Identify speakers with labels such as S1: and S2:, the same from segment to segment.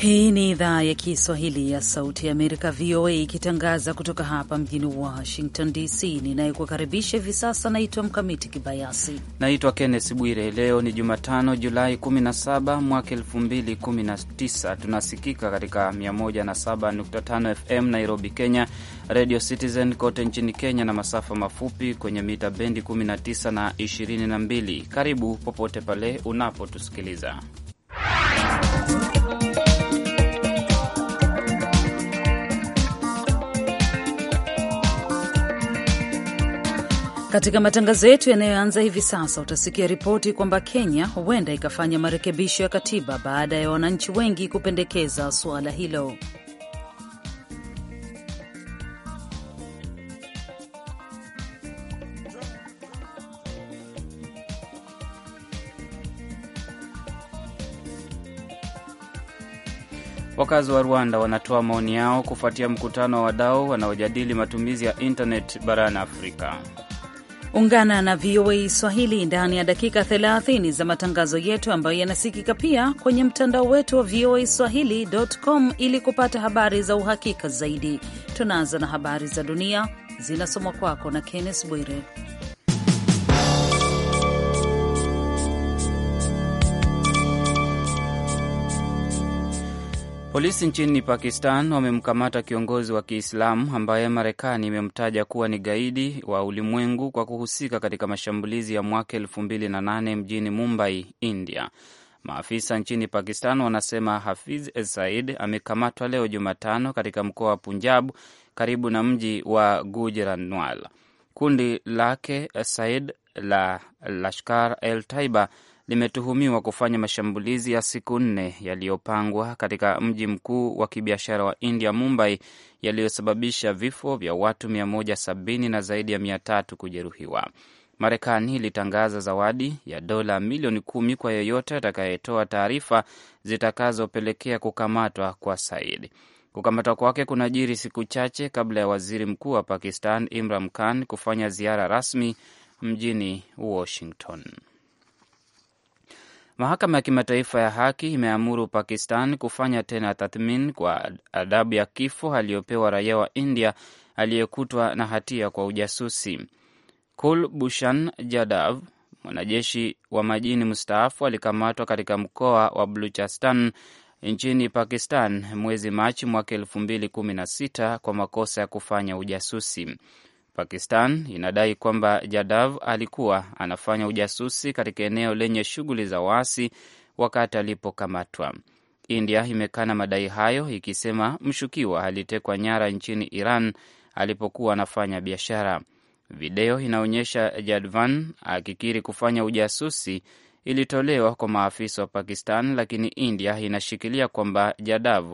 S1: Hii ni idhaa ya Kiswahili ya Sauti ya Amerika, VOA, ikitangaza kutoka hapa mjini Washington DC. Ninayekukaribisha hivi sasa naitwa Mkamiti Kibayasi.
S2: Naitwa Kennes Bwire. Leo ni Jumatano, Julai 17 mwaka 2019. Tunasikika katika 107.5 FM Nairobi, Kenya, Radio Citizen kote nchini Kenya, na masafa mafupi kwenye mita bendi 19 na 22. Karibu popote pale unapotusikiliza
S1: Katika matangazo yetu yanayoanza hivi sasa utasikia ripoti kwamba Kenya huenda ikafanya marekebisho ya katiba baada ya wananchi wengi kupendekeza suala hilo.
S2: Wakazi wa Rwanda wanatoa maoni yao kufuatia mkutano wa wadau wanaojadili matumizi ya intanet barani Afrika.
S1: Ungana na VOA Swahili ndani ya dakika 30 za matangazo yetu ambayo yanasikika pia kwenye mtandao wetu wa VOA Swahili.com ili kupata habari za uhakika zaidi. Tunaanza na habari za dunia zinasomwa kwako na Kenneth Bwire.
S2: Polisi nchini Pakistan wamemkamata kiongozi wa Kiislamu ambaye Marekani imemtaja kuwa ni gaidi wa ulimwengu kwa kuhusika katika mashambulizi ya mwaka elfu mbili na nane mjini Mumbai, India. Maafisa nchini Pakistan wanasema Hafiz Said amekamatwa leo Jumatano katika mkoa wa Punjab karibu na mji wa Gujranwal. Kundi lake Said la Lashkar el Taiba limetuhumiwa kufanya mashambulizi ya siku nne yaliyopangwa katika mji mkuu wa kibiashara wa India, Mumbai, yaliyosababisha vifo vya watu 170 na zaidi ya 300 kujeruhiwa. Marekani ilitangaza zawadi ya dola milioni kumi kwa yeyote atakayetoa taarifa zitakazopelekea kukamatwa kwa Said. Kukamatwa kwake kunajiri siku chache kabla ya waziri mkuu wa Pakistan Imran Khan kufanya ziara rasmi mjini Washington. Mahakama ya Kimataifa ya Haki imeamuru Pakistan kufanya tena tathmini kwa adhabu ya kifo aliyopewa raia wa India aliyekutwa na hatia kwa ujasusi. Kulbushan Jadav, mwanajeshi wa majini mstaafu, alikamatwa katika mkoa wa Bluchastan nchini Pakistan mwezi Machi mwaka elfu mbili kumi na sita kwa makosa ya kufanya ujasusi. Pakistan inadai kwamba Jadav alikuwa anafanya ujasusi katika eneo lenye shughuli za waasi wakati alipokamatwa. India imekana madai hayo ikisema mshukiwa alitekwa nyara nchini Iran alipokuwa anafanya biashara. Video inaonyesha Jadvan akikiri kufanya ujasusi ilitolewa kwa maafisa wa Pakistan, lakini India inashikilia kwamba Jadav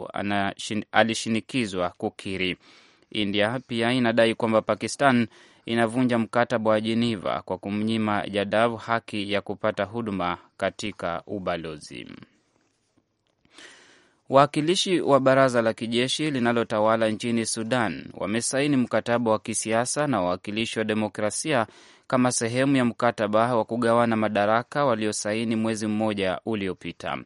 S2: alishinikizwa kukiri. India pia inadai kwamba Pakistan inavunja mkataba wa Jeneva kwa kumnyima Jadav haki ya kupata huduma katika ubalozi. Wawakilishi wa baraza la kijeshi linalotawala nchini Sudan wamesaini mkataba wa kisiasa na wawakilishi wa demokrasia kama sehemu ya mkataba wa kugawana madaraka waliosaini mwezi mmoja uliopita.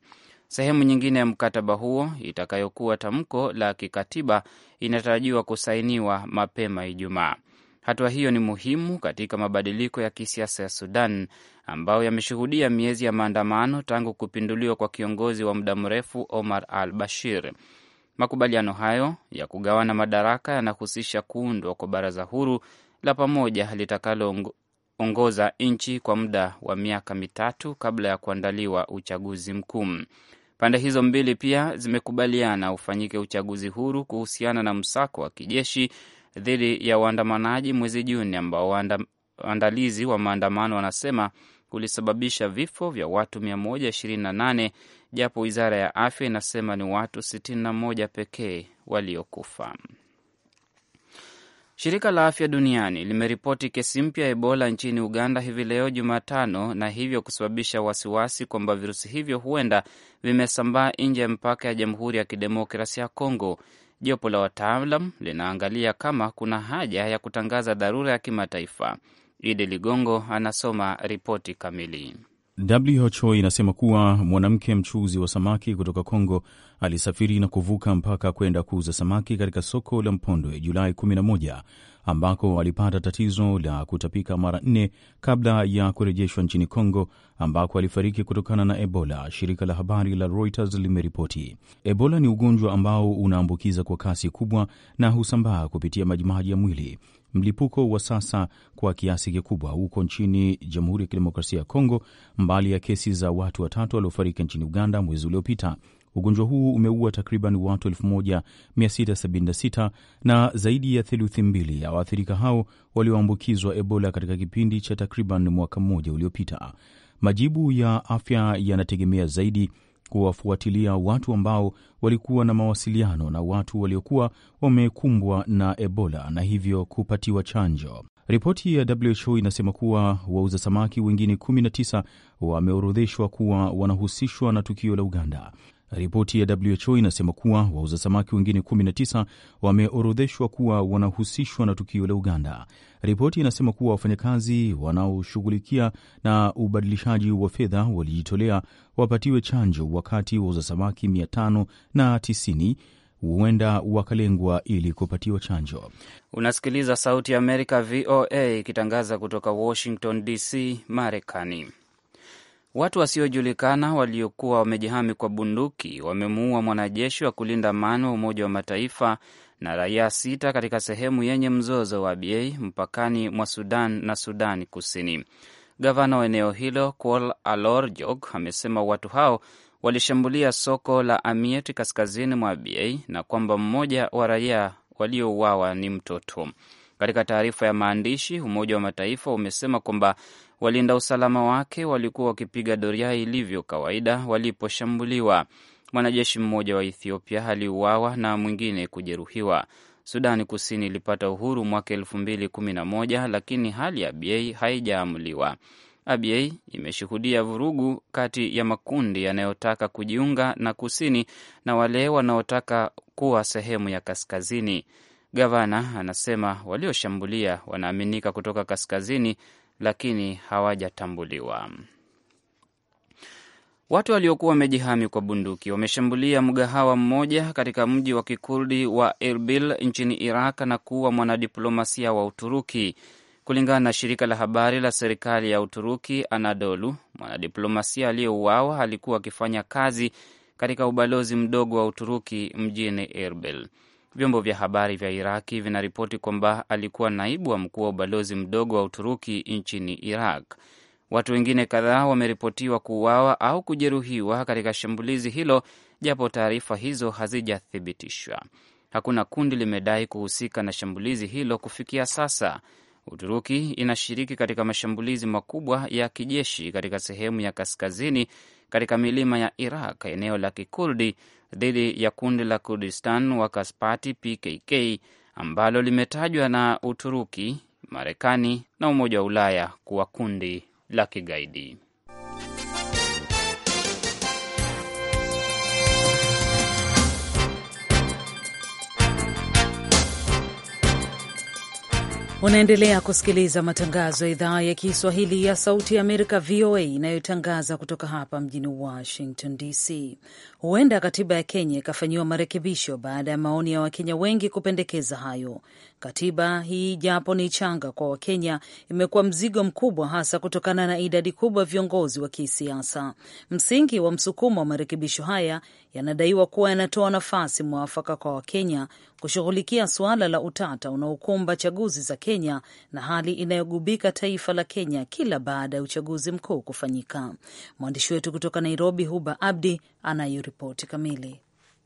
S2: Sehemu nyingine ya mkataba huo itakayokuwa tamko la kikatiba inatarajiwa kusainiwa mapema Ijumaa. Hatua hiyo ni muhimu katika mabadiliko ya kisiasa ya Sudan ambayo yameshuhudia miezi ya maandamano tangu kupinduliwa kwa kiongozi wa muda mrefu Omar al Bashir. Makubaliano hayo ya kugawana madaraka yanahusisha kuundwa kwa baraza huru la pamoja litakaloongoza nchi kwa muda wa miaka mitatu kabla ya kuandaliwa uchaguzi mkuu. Pande hizo mbili pia zimekubaliana ufanyike uchaguzi huru kuhusiana na msako wa kijeshi dhidi ya waandamanaji mwezi Juni ambao waandalizi wa maandamano wanasema ulisababisha vifo vya watu 128 japo wizara ya afya inasema ni watu 61 pekee waliokufa. Shirika la Afya Duniani limeripoti kesi mpya ya Ebola nchini Uganda hivi leo Jumatano, na hivyo kusababisha wasiwasi kwamba virusi hivyo huenda vimesambaa nje ya mpaka ya Jamhuri ya Kidemokrasia ya Kongo. Jopo la wataalam linaangalia kama kuna haja ya kutangaza dharura ya kimataifa. Idi Ligongo anasoma ripoti kamili.
S3: WHO inasema kuwa mwanamke mchuzi wa samaki kutoka Kongo alisafiri na kuvuka mpaka kwenda kuuza samaki katika soko la Mpondwe Julai 11 ambako alipata tatizo la kutapika mara nne kabla ya kurejeshwa nchini Kongo ambako alifariki kutokana na Ebola, shirika la habari la Reuters limeripoti. Ebola ni ugonjwa ambao unaambukiza kwa kasi kubwa na husambaa kupitia majimaji ya mwili. Mlipuko wa sasa kwa kiasi kikubwa huko nchini Jamhuri ya Kidemokrasia ya Kongo. Mbali ya kesi za watu watatu waliofariki nchini Uganda mwezi uliopita, ugonjwa huu umeua takriban watu 1676 na zaidi ya theluthi mbili ya waathirika hao walioambukizwa Ebola katika kipindi cha takriban mwaka mmoja uliopita. Majibu ya afya yanategemea zaidi kuwafuatilia watu ambao walikuwa na mawasiliano na watu waliokuwa wamekumbwa na Ebola na hivyo kupatiwa chanjo. Ripoti ya WHO inasema kuwa wauza samaki wengine 19 wameorodheshwa kuwa wanahusishwa na tukio la Uganda. Ripoti ya WHO inasema kuwa wauza samaki wengine 19 wameorodheshwa kuwa wanahusishwa na tukio la Uganda. Ripoti inasema kuwa wafanyakazi wanaoshughulikia na ubadilishaji wa fedha walijitolea wapatiwe chanjo, wakati wauza samaki 590 huenda wakalengwa ili kupatiwa chanjo.
S2: Unasikiliza Sauti ya Amerika, VOA, ikitangaza kutoka Washington DC, Marekani. Watu wasiojulikana waliokuwa wamejihami kwa bunduki wamemuua mwanajeshi wa kulinda amani wa Umoja wa Mataifa na raia sita katika sehemu yenye mzozo wa ba mpakani mwa Sudan na Sudani Kusini. Gavana wa eneo hilo Kual Alor Jog amesema watu hao walishambulia soko la Amiet kaskazini mwa ba na kwamba mmoja wa raia waliouawa ni mtoto. Katika taarifa ya maandishi, Umoja wa Mataifa umesema kwamba walinda usalama wake walikuwa wakipiga doria ilivyo kawaida waliposhambuliwa. Mwanajeshi mmoja wa Ethiopia aliuawa na mwingine kujeruhiwa. Sudani Kusini ilipata uhuru mwaka elfu mbili kumi na moja lakini hali ya ba haijaamuliwa. aba imeshuhudia vurugu kati ya makundi yanayotaka kujiunga na kusini na wale wanaotaka kuwa sehemu ya kaskazini. Gavana anasema walioshambulia wanaaminika kutoka kaskazini, lakini hawajatambuliwa. Watu waliokuwa wamejihami kwa bunduki wameshambulia mgahawa mmoja katika mji wa kikurdi wa Erbil nchini Iraq na kuua mwanadiplomasia wa Uturuki. Kulingana na shirika la habari la serikali ya Uturuki Anadolu, mwanadiplomasia aliyeuawa alikuwa akifanya kazi katika ubalozi mdogo wa Uturuki mjini Erbil. Vyombo vya habari vya Iraki vinaripoti kwamba alikuwa naibu wa mkuu wa ubalozi mdogo wa Uturuki nchini Iraq. Watu wengine kadhaa wameripotiwa kuuawa au kujeruhiwa katika shambulizi hilo, japo taarifa hizo hazijathibitishwa. Hakuna kundi limedai kuhusika na shambulizi hilo kufikia sasa. Uturuki inashiriki katika mashambulizi makubwa ya kijeshi katika sehemu ya kaskazini katika milima ya Iraq, eneo la Kikurdi dhidi ya kundi la Kurdistan Workers Party PKK ambalo limetajwa na Uturuki, Marekani na Umoja wa Ulaya kuwa kundi la kigaidi.
S1: Unaendelea kusikiliza matangazo ya idhaa ya Kiswahili ya Sauti ya Amerika, VOA, inayotangaza kutoka hapa mjini Washington DC. Huenda katiba ya Kenya ikafanyiwa marekebisho baada ya maoni ya Wakenya wengi kupendekeza hayo. Katiba hii japo ni changa kwa Wakenya, imekuwa mzigo mkubwa, hasa kutokana na idadi kubwa viongozi wa kisiasa. Msingi wa msukumo wa marekebisho haya yanadaiwa kuwa yanatoa nafasi mwafaka kwa Wakenya kushughulikia suala la utata unaokumba chaguzi za Kenya na hali inayogubika taifa la Kenya kila baada ya uchaguzi mkuu kufanyika. Mwandishi wetu kutoka Nairobi, Huba Abdi, anayoripoti
S4: kamili.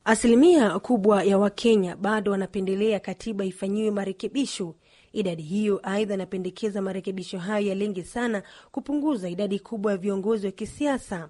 S4: Asilimia kubwa ya Wakenya bado wanapendelea katiba ifanyiwe marekebisho. Idadi hiyo aidha inapendekeza marekebisho hayo yalenge sana kupunguza idadi kubwa ya viongozi wa kisiasa.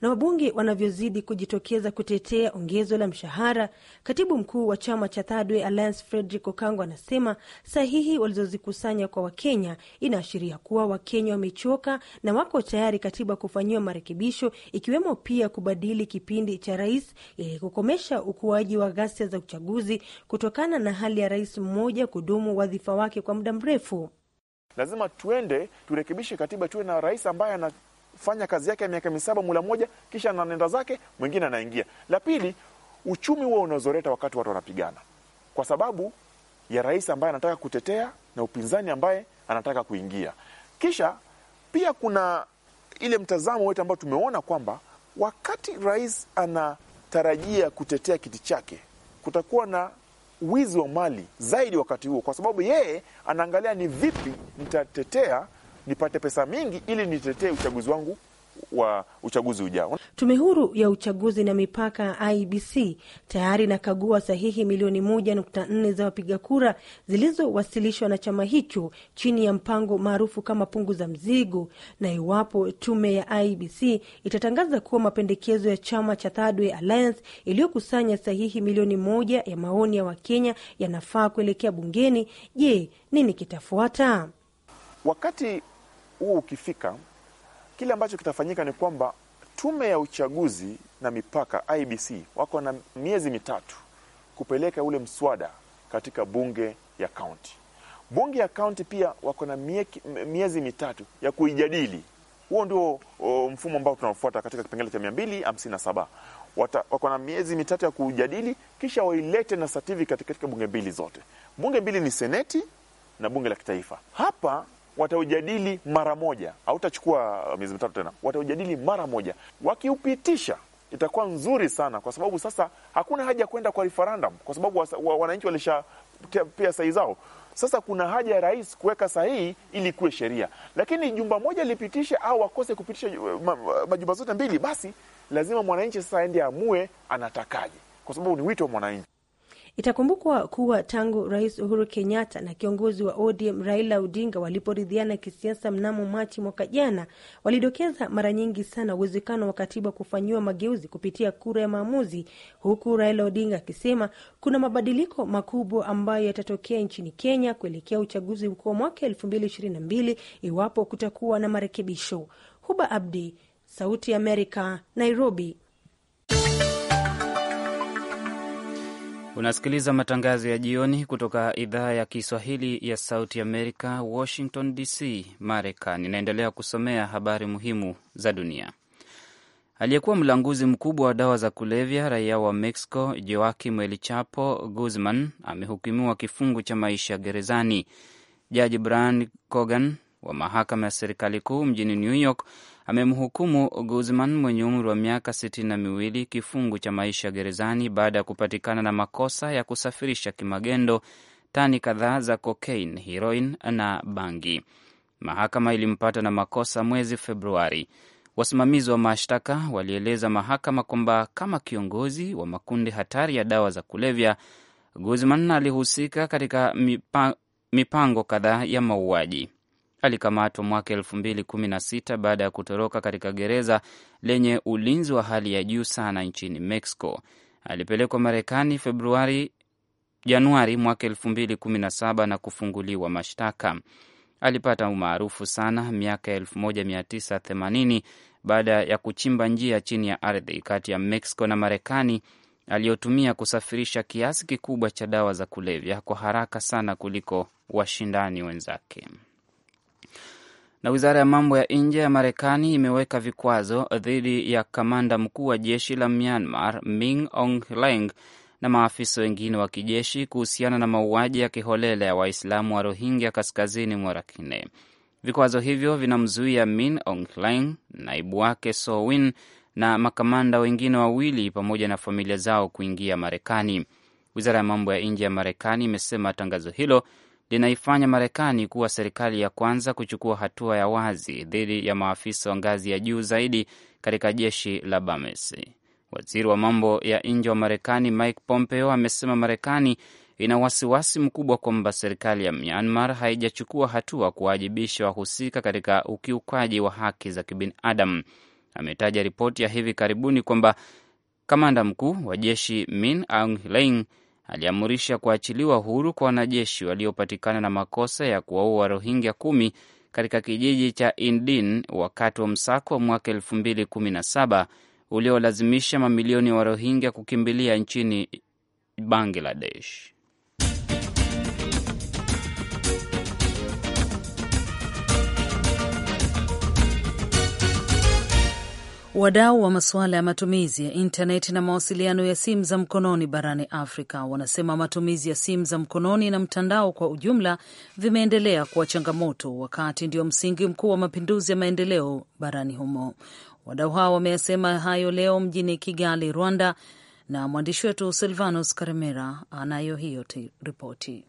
S4: na wabunge wanavyozidi kujitokeza kutetea ongezo la mshahara, katibu mkuu wa chama cha Third Way Alliance Frederick Okango anasema sahihi walizozikusanya kwa Wakenya inaashiria kuwa Wakenya wamechoka na wako tayari katiba kufanyiwa marekebisho, ikiwemo pia kubadili kipindi cha rais ili eh, kukomesha ukuaji wa ghasia za uchaguzi kutokana na hali ya rais mmoja kudumu wadhifa wake kwa muda mrefu.
S5: Lazima tuende turekebishe katiba, tuwe na rais ambaye ana anafanya kazi yake ya miaka misaba mula moja, kisha nenda zake, mwingine anaingia. La pili, uchumi huo unazoreta wakati watu wanapigana, kwa sababu ya rais ambaye anataka kutetea na upinzani ambaye anataka kuingia. Kisha pia kuna ile mtazamo wetu ambao tumeona kwamba wakati rais anatarajia kutetea kiti chake, kutakuwa na wizi wa mali zaidi wakati huo, kwa sababu yeye anaangalia ni vipi nitatetea nipate pesa mingi ili nitetee uchaguzi wangu wa uchaguzi ujao.
S4: Tume Huru ya Uchaguzi na Mipaka IBC tayari inakagua sahihi milioni moja nukta nne za wapiga kura zilizowasilishwa na chama hicho chini ya mpango maarufu kama punguza mzigo, na iwapo tume ya IBC itatangaza kuwa mapendekezo ya chama cha Thirdway Alliance iliyokusanya sahihi milioni moja ya maoni ya Wakenya yanafaa kuelekea bungeni, je, nini kitafuata?
S5: Wakati huu ukifika, kile ambacho kitafanyika ni kwamba tume ya uchaguzi na mipaka IBC wako na miezi mitatu kupeleka ule mswada katika bunge ya kaunti. Bunge ya kaunti pia wako na miezi mitatu ya kuijadili. Huo ndio mfumo ambao tunaofuata katika kipengele cha 257. Wako na miezi mitatu ya kujadili, kisha wailete na certificate katika bunge mbili zote. Bunge mbili ni seneti na bunge la kitaifa. Hapa wataujadili mara moja, hautachukua uh, miezi mitatu tena, wataujadili mara moja. Wakiupitisha itakuwa nzuri sana, kwa sababu sasa hakuna haja ya kwenda kwa referendum, kwa sababu wananchi pia sahihi zao. Sasa kuna haja ya rais kuweka sahihi ili kuwe sheria, lakini jumba moja lipitisha au akose kupitisha uh, uh, majumba zote mbili, basi lazima mwananchi sasa aende amue anatakaje, kwa sababu ni wito wa mwananchi. Itakumbukwa
S4: kuwa tangu Rais Uhuru Kenyatta na kiongozi wa ODM Raila Odinga waliporidhiana kisiasa mnamo Machi mwaka jana, walidokeza mara nyingi sana uwezekano wa katiba kufanyiwa mageuzi kupitia kura ya maamuzi, huku Raila Odinga akisema kuna mabadiliko makubwa ambayo yatatokea nchini Kenya kuelekea uchaguzi mkuu wa mwaka elfu mbili ishirini na mbili iwapo kutakuwa na marekebisho. Huba Abdi, Sauti ya Amerika, Nairobi.
S2: Unasikiliza matangazo ya jioni kutoka idhaa ya Kiswahili ya Sauti Amerika, Washington DC, Marekani. Inaendelea kusomea habari muhimu za dunia. Aliyekuwa mlanguzi mkubwa wa dawa za kulevya raia wa Mexico Joaquim El Chapo Guzman amehukumiwa kifungo cha maisha gerezani. Jaji Brian Cogan wa mahakama ya serikali kuu mjini New York amemhukumu Guzman mwenye umri wa miaka sitini na miwili kifungu cha maisha gerezani baada ya kupatikana na makosa ya kusafirisha kimagendo tani kadhaa za kokaini, heroin na bangi. Mahakama ilimpata na makosa mwezi Februari. Wasimamizi wa mashtaka walieleza mahakama kwamba kama kiongozi wa makundi hatari ya dawa za kulevya, Guzman alihusika katika mipango kadhaa ya mauaji. Alikamatwa mwaka elfu mbili kumi na sita baada ya kutoroka katika gereza lenye ulinzi wa hali ya juu sana nchini Mexico. Alipelekwa Marekani Februari Januari mwaka elfu mbili kumi na saba na kufunguliwa mashtaka. Alipata umaarufu sana miaka tisa themanini baada ya kuchimba njia chini ya ardhi kati ya Mexico na Marekani aliyotumia kusafirisha kiasi kikubwa cha dawa za kulevya kwa haraka sana kuliko washindani wenzake na wizara ya mambo ya nje ya Marekani imeweka vikwazo dhidi ya kamanda mkuu wa jeshi la Myanmar Min Aung Hlaing na maafisa wengine wa kijeshi kuhusiana na mauaji ya kiholela ya Waislamu wa Rohingya kaskazini mwa Rakhine. Vikwazo hivyo vinamzuia Min Aung Hlaing, naibu wake Sowin na makamanda wengine wawili pamoja na familia zao kuingia Marekani. Wizara ya mambo ya nje ya Marekani imesema tangazo hilo linaifanya Marekani kuwa serikali ya kwanza kuchukua hatua ya wazi dhidi ya maafisa wa ngazi ya juu zaidi katika jeshi la bames Waziri wa mambo ya nje wa Marekani Mike Pompeo amesema Marekani ina wasiwasi mkubwa kwamba serikali ya Myanmar haijachukua hatua kuwaajibisha wahusika katika ukiukaji wa haki za kibinadamu. Ametaja ripoti ya hivi karibuni kwamba kamanda mkuu wa jeshi Min Aung Hlaing aliamurisha kuachiliwa huru kwa wanajeshi waliopatikana na makosa ya kuwaua Rohingya kumi katika kijiji cha Indin wakati wa msako wa mwaka elfu mbili kumi na saba uliolazimisha mamilioni ya Warohingya kukimbilia nchini Bangladesh.
S1: Wadau wa masuala ya matumizi ya intaneti na mawasiliano ya simu za mkononi barani Afrika wanasema matumizi ya simu za mkononi na mtandao kwa ujumla vimeendelea kuwa changamoto, wakati ndio msingi mkuu wa mapinduzi ya maendeleo barani humo. Wadau hao wameyasema hayo leo mjini Kigali, Rwanda, na mwandishi wetu Silvanus Karemera anayo hiyo ripoti.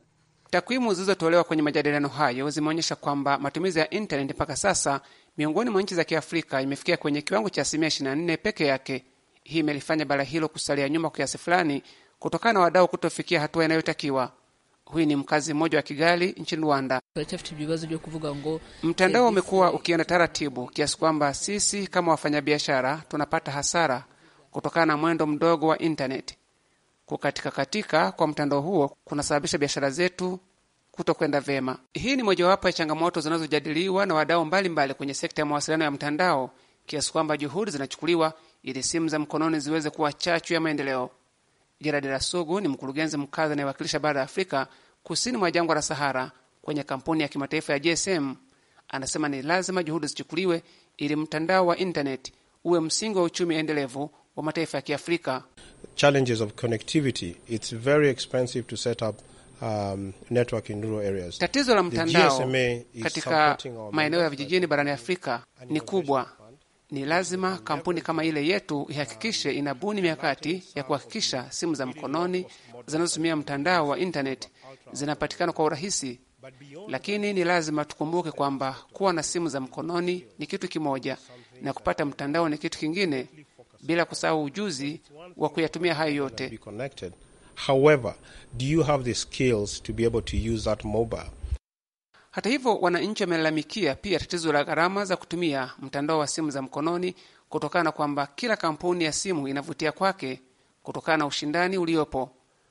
S6: Takwimu zilizotolewa kwenye majadiliano hayo zimeonyesha kwamba matumizi ya intaneti mpaka sasa miongoni mwa nchi za Kiafrika imefikia kwenye kiwango cha asilimia 24 peke yake. Hii imelifanya bara hilo kusalia nyuma kwa kiasi fulani kutokana na wadau kutofikia hatua inayotakiwa. Huyu ni mkazi mmoja wa Kigali nchini Rwanda. Mtandao umekuwa ukienda taratibu kiasi kwamba sisi kama wafanyabiashara tunapata hasara kutokana na mwendo mdogo wa intaneti. Kukatika katika kwa mtandao huo kunasababisha biashara zetu kutokwenda vema. Hii ni mojawapo ya changamoto zinazojadiliwa na wadau mbalimbali kwenye sekta ya mawasiliano ya mtandao, kiasi kwamba juhudi zinachukuliwa ili simu za mkononi ziweze kuwa chachu ya maendeleo. Gerard Rasugu ni mkurugenzi mkazi anayewakilisha bara ya Afrika kusini mwa jangwa la Sahara kwenye kampuni ya kimataifa ya GSM. Anasema ni lazima juhudi zichukuliwe ili mtandao wa intaneti uwe msingi wa uchumi endelevu wa mataifa ya Kiafrika.
S5: Challenges of connectivity. It's very expensive to set up Um, network in rural areas. Tatizo la mtandao katika maeneo
S6: ya vijijini barani Afrika ni kubwa. Ni lazima kampuni kama ile yetu ihakikishe inabuni mikakati ya kuhakikisha simu za mkononi zinazotumia mtandao wa intaneti zinapatikana kwa urahisi, lakini ni lazima tukumbuke kwamba kuwa na simu za mkononi ni kitu kimoja na kupata mtandao ni kitu kingine, bila kusahau ujuzi wa kuyatumia hayo yote.
S5: However, do you have the skills to be able to use that mobile?
S6: Hata hivyo, wananchi wamelalamikia pia tatizo la gharama za kutumia mtandao wa simu za mkononi kutokana na kwamba kila kampuni ya simu inavutia kwake kutokana na ushindani uliopo.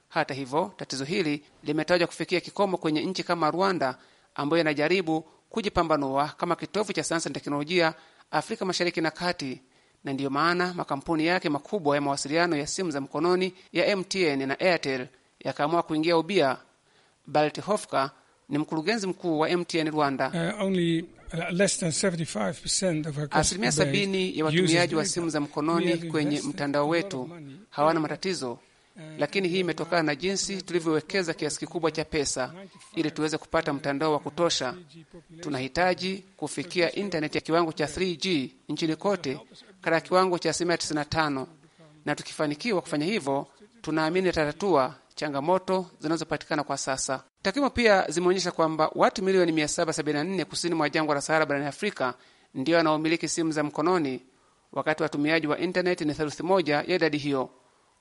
S6: Hata hivyo, tatizo hili limetajwa kufikia kikomo kwenye nchi kama Rwanda ambayo inajaribu kujipambanua kama kitovu cha sayansi na teknolojia Afrika Mashariki na Kati na ndiyo maana makampuni yake makubwa ya mawasiliano ya simu za mkononi ya MTN na Airtel yakaamua kuingia ubia. Balt Hofka ni mkurugenzi mkuu wa MTN Rwanda. Uh, only
S7: uh, less than 75% of our asilimia sabini ya watumiaji wa simu za mkononi
S6: kwenye mtandao wetu hawana matatizo lakini hii imetokana na jinsi tulivyowekeza kiasi kikubwa cha pesa ili tuweze kupata mtandao wa kutosha. Tunahitaji kufikia intaneti ya kiwango cha 3G nchini kote katika kiwango cha asilimia 95, na tukifanikiwa kufanya hivyo, tunaamini tatatua changamoto zinazopatikana kwa sasa. Takwimu pia zimeonyesha kwamba watu milioni 774 kusini mwa jangwa la Sahara barani Afrika ndiyo wanaomiliki simu za mkononi, wakati watumiaji wa intaneti ni theluthi moja ya idadi hiyo.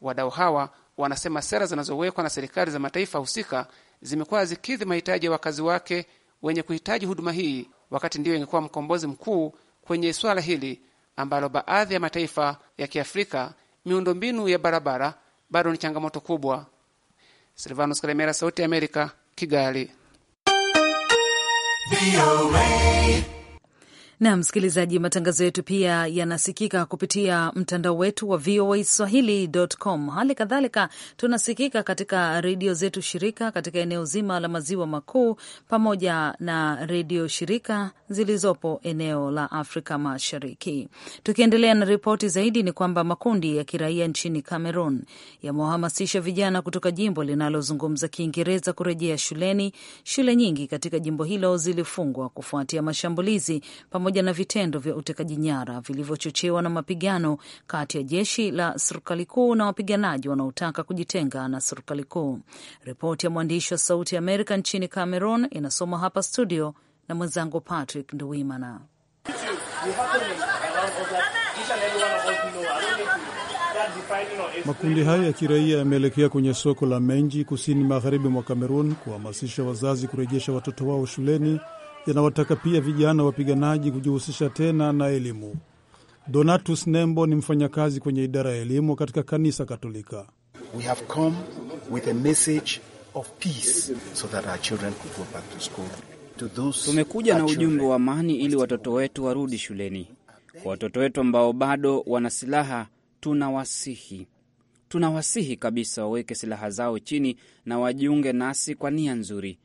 S6: Wadau hawa Wanasema sera zinazowekwa na serikali za mataifa husika zimekuwa zikidhi mahitaji ya wakazi wake wenye kuhitaji huduma hii, wakati ndiyo ingekuwa mkombozi mkuu kwenye swala hili ambalo baadhi ya mataifa ya Kiafrika miundombinu ya barabara bado ni changamoto kubwa. Silvanus Kalemera, Sauti ya Amerika, Kigali.
S1: Na msikilizaji, matangazo yetu pia yanasikika kupitia mtandao wetu wa VOA Swahili.com. Hali kadhalika tunasikika katika redio zetu shirika katika eneo zima la maziwa makuu pamoja na redio shirika zilizopo eneo la Afrika Mashariki. Tukiendelea na ripoti zaidi, ni kwamba makundi ya kiraia nchini Cameroon yamewahamasisha vijana kutoka jimbo linalozungumza Kiingereza kurejea shuleni. Shule nyingi katika jimbo hilo zilifungwa kufuatia mashambulizi pamoja pamoja na vitendo vya utekaji nyara vilivyochochewa na mapigano kati ya jeshi la serikali kuu na wapiganaji wanaotaka kujitenga na serikali kuu. Ripoti ya mwandishi wa Sauti ya Amerika nchini Cameroon inasomwa hapa studio na mwenzangu Patrick
S8: Nduwimana. Makundi haya ya kiraia yameelekea kwenye soko la Menji kusini magharibi mwa Kamerun kuhamasisha wazazi kurejesha watoto wao shuleni yanawataka pia vijana wapiganaji kujihusisha tena na elimu. Donatus Nembo ni mfanyakazi kwenye idara ya elimu katika kanisa Katolika. We have come with a message
S3: of peace so that our children could go back to school. To those
S8: tumekuja na ujumbe
S2: wa amani ili watoto wetu warudi shuleni. Kwa watoto wetu ambao bado wana silaha, tunawasihi tunawasihi kabisa waweke silaha zao chini na wajiunge nasi kwa nia nzuri.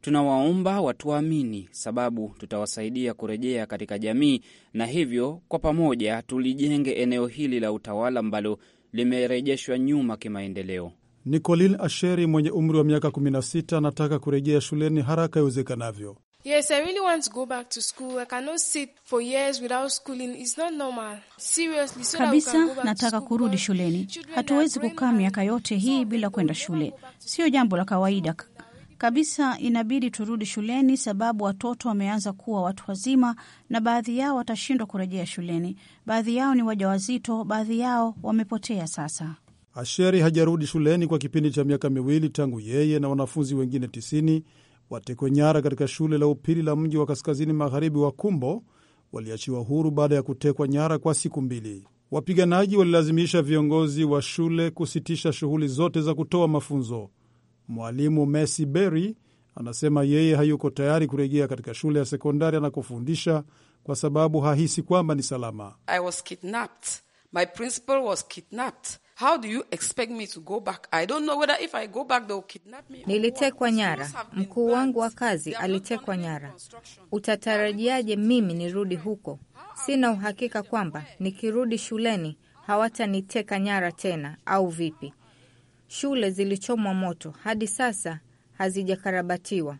S2: Tunawaomba watuamini, sababu tutawasaidia kurejea katika jamii, na hivyo kwa pamoja tulijenge eneo hili la utawala ambalo limerejeshwa nyuma kimaendeleo.
S8: Nicolin Asheri mwenye umri wa miaka 16 anataka kurejea shuleni haraka iwezekanavyo.
S9: Yes, I really want to go back to school. I cannot sit for years without schooling. It's not normal. Seriously, so kabisa nataka
S4: kurudi shuleni. Hatuwezi kukaa miaka yote hii bila kwenda shule, sio jambo la kawaida kabisa, inabidi turudi shuleni, sababu watoto wameanza kuwa watu wazima na baadhi yao watashindwa kurejea shuleni, baadhi yao ni wajawazito, baadhi yao wamepotea. Sasa
S8: Asheri hajarudi shuleni kwa kipindi cha miaka miwili tangu yeye na wanafunzi wengine 90 watekwe nyara katika shule la upili la mji wa kaskazini magharibi wa Kumbo waliachiwa huru baada ya kutekwa nyara kwa siku mbili. Wapiganaji walilazimisha viongozi wa shule kusitisha shughuli zote za kutoa mafunzo. Mwalimu Messi Berry anasema yeye hayuko tayari kurejea katika shule ya sekondari anakofundisha kwa sababu hahisi kwamba ni salama.
S6: I was kidnapped. My principal was kidnapped. How do you expect me to go back? I don't know whether if I go back they will kidnap me. Nilitekwa nyara,
S9: mkuu wangu wa kazi alitekwa nyara. Utatarajiaje mimi nirudi huko? Sina uhakika kwamba nikirudi shuleni hawataniteka nyara tena au vipi? Shule zilichomwa moto, hadi sasa hazijakarabatiwa.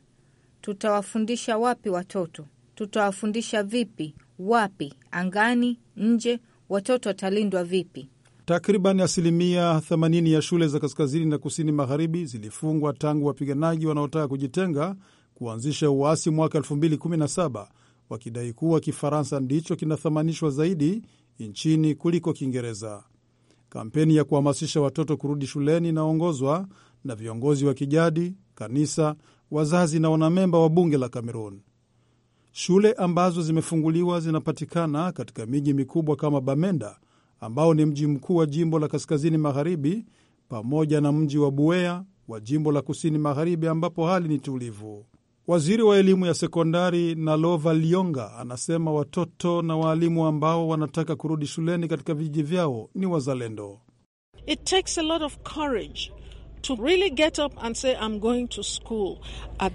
S9: Tutawafundisha wapi watoto? Tutawafundisha vipi? Wapi? Angani? Nje? Watoto watalindwa vipi?
S8: Takriban asilimia 80 ya shule za kaskazini na kusini magharibi zilifungwa tangu wapiganaji wanaotaka kujitenga kuanzisha uasi mwaka 2017 wakidai kuwa Kifaransa ndicho kinathamanishwa zaidi nchini kuliko Kiingereza. Kampeni ya kuhamasisha watoto kurudi shuleni inaongozwa na viongozi wa kijadi, kanisa, wazazi na wanamemba wa bunge la Kamerun. Shule ambazo zimefunguliwa zinapatikana katika miji mikubwa kama Bamenda ambao ni mji mkuu wa jimbo la kaskazini magharibi, pamoja na mji wa Buea wa jimbo la kusini magharibi ambapo hali ni tulivu. Waziri wa elimu ya sekondari Nalova lionga anasema watoto na waalimu ambao wanataka kurudi shuleni katika vijiji vyao ni wazalendo.
S9: It takes a lot of courage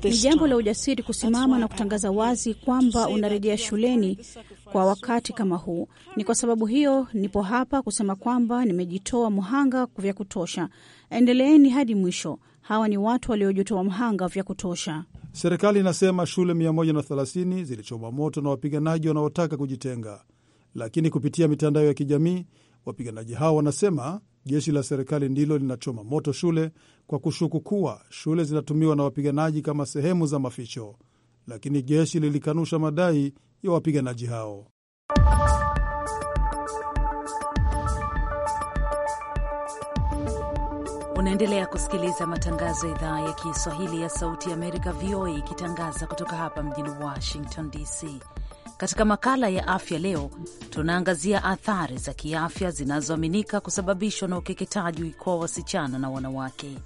S4: Ni jambo la ujasiri kusimama na kutangaza wazi kwamba unarejea shuleni kwa wakati kama huu. Ni kwa sababu hiyo nipo hapa kusema kwamba nimejitoa mhanga vya kutosha. Endeleeni hadi mwisho. Hawa ni watu waliojitoa mhanga vya kutosha.
S8: Serikali inasema shule 130 zilichomwa moto na wapiganaji wanaotaka kujitenga, lakini kupitia mitandao ya kijamii wapiganaji hao wanasema jeshi la serikali ndilo linachoma moto shule kwa kushuku kuwa shule zinatumiwa na wapiganaji kama sehemu za maficho, lakini jeshi lilikanusha madai ya wapiganaji hao.
S1: Unaendelea kusikiliza matangazo ya idhaa ya Kiswahili ya Sauti ya Amerika, VOA, ikitangaza kutoka hapa mjini Washington DC. Katika makala ya afya leo, tunaangazia athari za kiafya zinazoaminika kusababishwa na ukeketaji kwa wasichana na wanawake,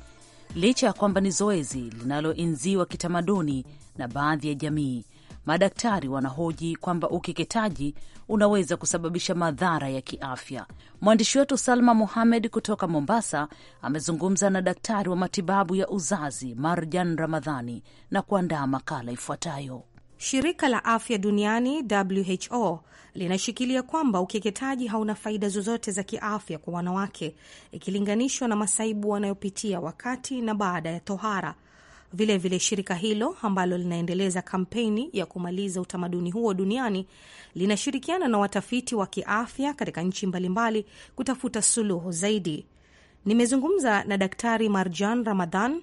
S1: licha ya kwamba ni zoezi linaloenziwa kitamaduni na baadhi ya jamii Madaktari wanahoji kwamba ukeketaji unaweza kusababisha madhara ya kiafya. Mwandishi wetu Salma muhamed kutoka Mombasa amezungumza na daktari wa matibabu ya uzazi Marjan Ramadhani na kuandaa makala ifuatayo. Shirika la Afya Duniani
S9: WHO linashikilia kwamba ukeketaji hauna faida zozote za kiafya kwa wanawake ikilinganishwa na masaibu wanayopitia wakati na baada ya tohara. Vilevile vile shirika hilo ambalo linaendeleza kampeni ya kumaliza utamaduni huo duniani linashirikiana na watafiti wa kiafya katika nchi mbalimbali kutafuta suluhu zaidi. Nimezungumza na Daktari Marjan Ramadhan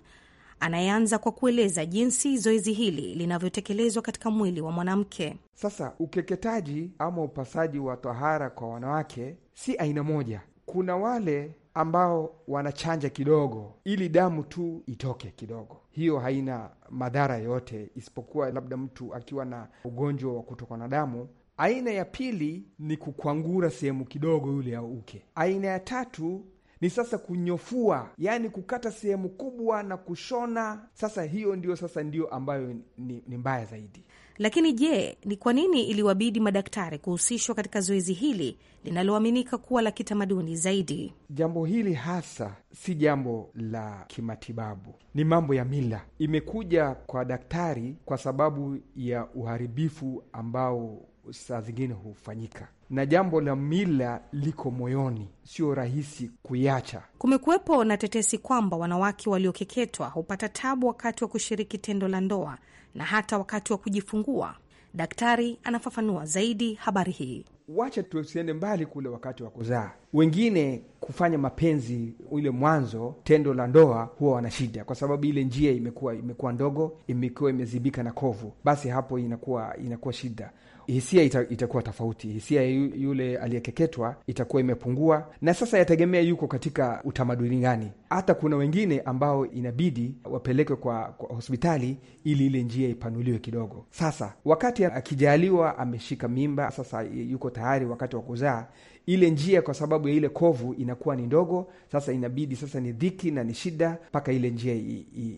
S9: anayeanza kwa kueleza jinsi zoezi hili linavyotekelezwa katika mwili wa mwanamke.
S7: Sasa ukeketaji ama upasaji wa tohara kwa wanawake si aina moja. Kuna wale ambao wanachanja kidogo ili damu tu itoke kidogo. Hiyo haina madhara yote isipokuwa labda mtu akiwa na ugonjwa wa kutokwa na damu. Aina ya pili ni kukwangura sehemu kidogo yule ya uke. Aina ya tatu ni sasa kunyofua, yaani kukata sehemu kubwa na kushona. Sasa hiyo ndio sasa ndio ambayo ni, ni mbaya zaidi. Lakini je, ni kwa nini
S9: iliwabidi madaktari kuhusishwa katika zoezi hili linaloaminika kuwa la kitamaduni zaidi?
S7: Jambo hili hasa si jambo la kimatibabu, ni mambo ya mila. Imekuja kwa daktari kwa sababu ya uharibifu ambao saa zingine hufanyika na jambo la mila liko moyoni, sio rahisi kuiacha.
S9: Kumekuwepo na tetesi kwamba wanawake waliokeketwa hupata tabu wakati wa kushiriki tendo la ndoa, na hata wakati wa kujifungua. Daktari
S7: anafafanua zaidi habari hii. Wacha tusiende mbali kule wakati wa kuzaa. Wengine kufanya mapenzi ule mwanzo, tendo la ndoa, huwa wana shida kwa sababu ile njia imekuwa imekuwa ndogo, imekuwa imezibika na kovu, basi hapo inakuwa inakuwa shida. Hisia ita, itakuwa tofauti. Hisia yule aliyekeketwa itakuwa imepungua, na sasa yategemea yuko katika utamaduni gani hata kuna wengine ambao inabidi wapelekwe kwa, kwa hospitali ili ile njia ipanuliwe kidogo. Sasa wakati akijaliwa ameshika mimba, sasa yuko tayari wakati wa kuzaa, ile njia kwa sababu ya ile kovu inakuwa ni ndogo. Sasa inabidi sasa ni dhiki na ni shida mpaka ile njia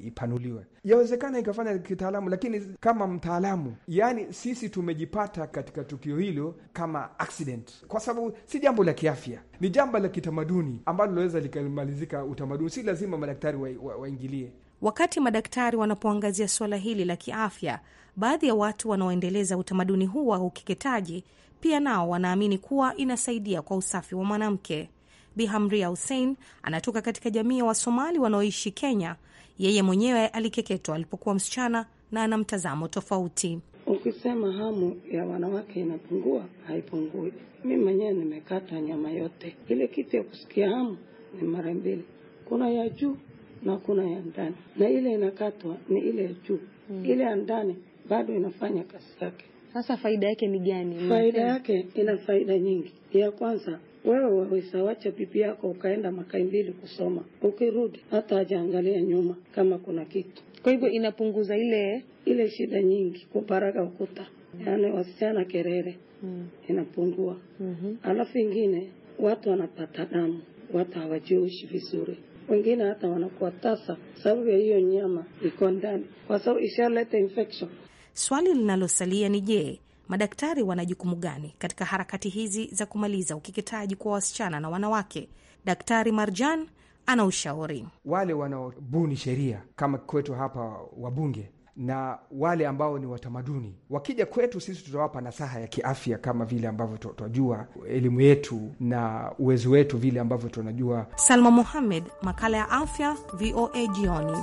S7: ipanuliwe. Yawezekana ikafanya kitaalamu, lakini kama mtaalamu, yani sisi tumejipata katika tukio hilo kama accident, kwa sababu si jambo la kiafya, ni jambo la kitamaduni ambalo linaweza likamalizika utamaduni si lazima madaktari waingilie wa, wa Wakati
S9: madaktari wanapoangazia suala hili la kiafya, baadhi ya watu wanaoendeleza utamaduni huu wa ukeketaji pia nao wanaamini kuwa inasaidia kwa usafi wa mwanamke. Bihamria Hussein anatoka katika jamii ya Wasomali wanaoishi Kenya. Yeye mwenyewe alikeketwa alipokuwa msichana na ana mtazamo tofauti.
S4: Ukisema hamu ya wanawake inapungua, haipungui. Mi mwenyewe nimekata nyama yote, ile kitu ya kusikia hamu ni mara mbili kuna ya juu na kuna ya ndani, na ile inakatwa ni ile ya juu hmm. Ile ya ndani bado inafanya kazi yake.
S9: Sasa faida yake
S4: ni gani? Faida yake ina faida nyingi. Ya kwanza wewe waweza wacha bibi yako ukaenda makai mbili kusoma, ukirudi hata hajaangalia nyuma kama kuna kitu. Kwa hivyo inapunguza ile ile shida nyingi, kuparaga ukuta, yaani wasichana kerere hmm. inapungua mm -hmm. Alafu ingine watu wanapata damu, watu hawajiushi vizuri wengine hata wanakuwa tasa sababu ya hiyo nyama iko ndani, kwa sababu ishaleta infection.
S9: Swali linalosalia ni je, madaktari wana jukumu gani katika harakati hizi za kumaliza ukeketaji kwa wasichana na wanawake? Daktari Marjan
S7: ana ushauri wale wanaobuni sheria kama kwetu hapa wabunge na wale ambao ni watamaduni. Wakija kwetu sisi, tutawapa nasaha ya kiafya kama vile ambavyo tunajua elimu yetu na uwezo wetu vile ambavyo tunajua.
S9: Salma Muhamed, makala ya afya, VOA jioni.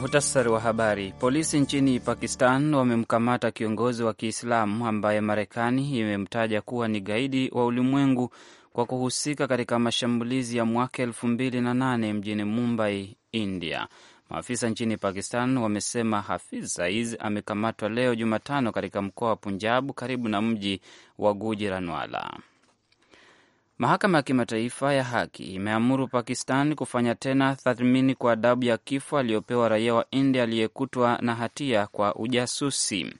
S2: Muhtasari wa habari. Polisi nchini Pakistan wamemkamata kiongozi wa Kiislamu ambaye Marekani imemtaja kuwa ni gaidi wa ulimwengu kwa kuhusika katika mashambulizi ya mwaka elfu mbili na nane mjini Mumbai, India. Maafisa nchini Pakistan wamesema Hafiz Saiz amekamatwa leo Jumatano katika mkoa wa Punjab karibu na mji wa Gujranwala. Mahakama ya Kimataifa ya Haki imeamuru Pakistan kufanya tena tathmini kwa adabu ya kifo aliyopewa raia wa India aliyekutwa na hatia kwa ujasusi.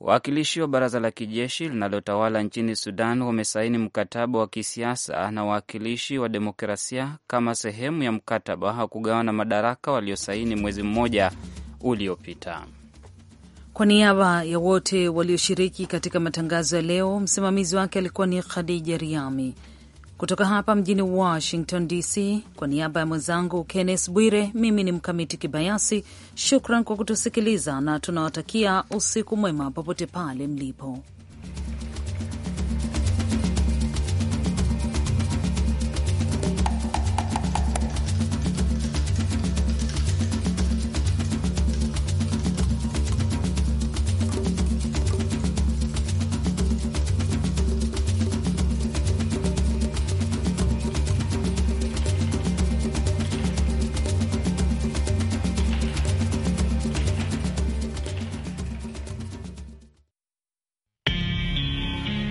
S2: Wawakilishi wa baraza la kijeshi linalotawala nchini Sudan wamesaini mkataba wa kisiasa na wawakilishi wa demokrasia kama sehemu ya mkataba wa kugawana madaraka waliosaini mwezi mmoja uliopita.
S1: Kwa niaba ya wote walioshiriki katika matangazo ya leo, msimamizi wake alikuwa ni Khadija Riami. Kutoka hapa mjini Washington DC, kwa niaba ya mwenzangu Kennes Bwire, mimi ni Mkamiti Kibayasi. Shukran kwa kutusikiliza na tunawatakia usiku mwema popote pale mlipo.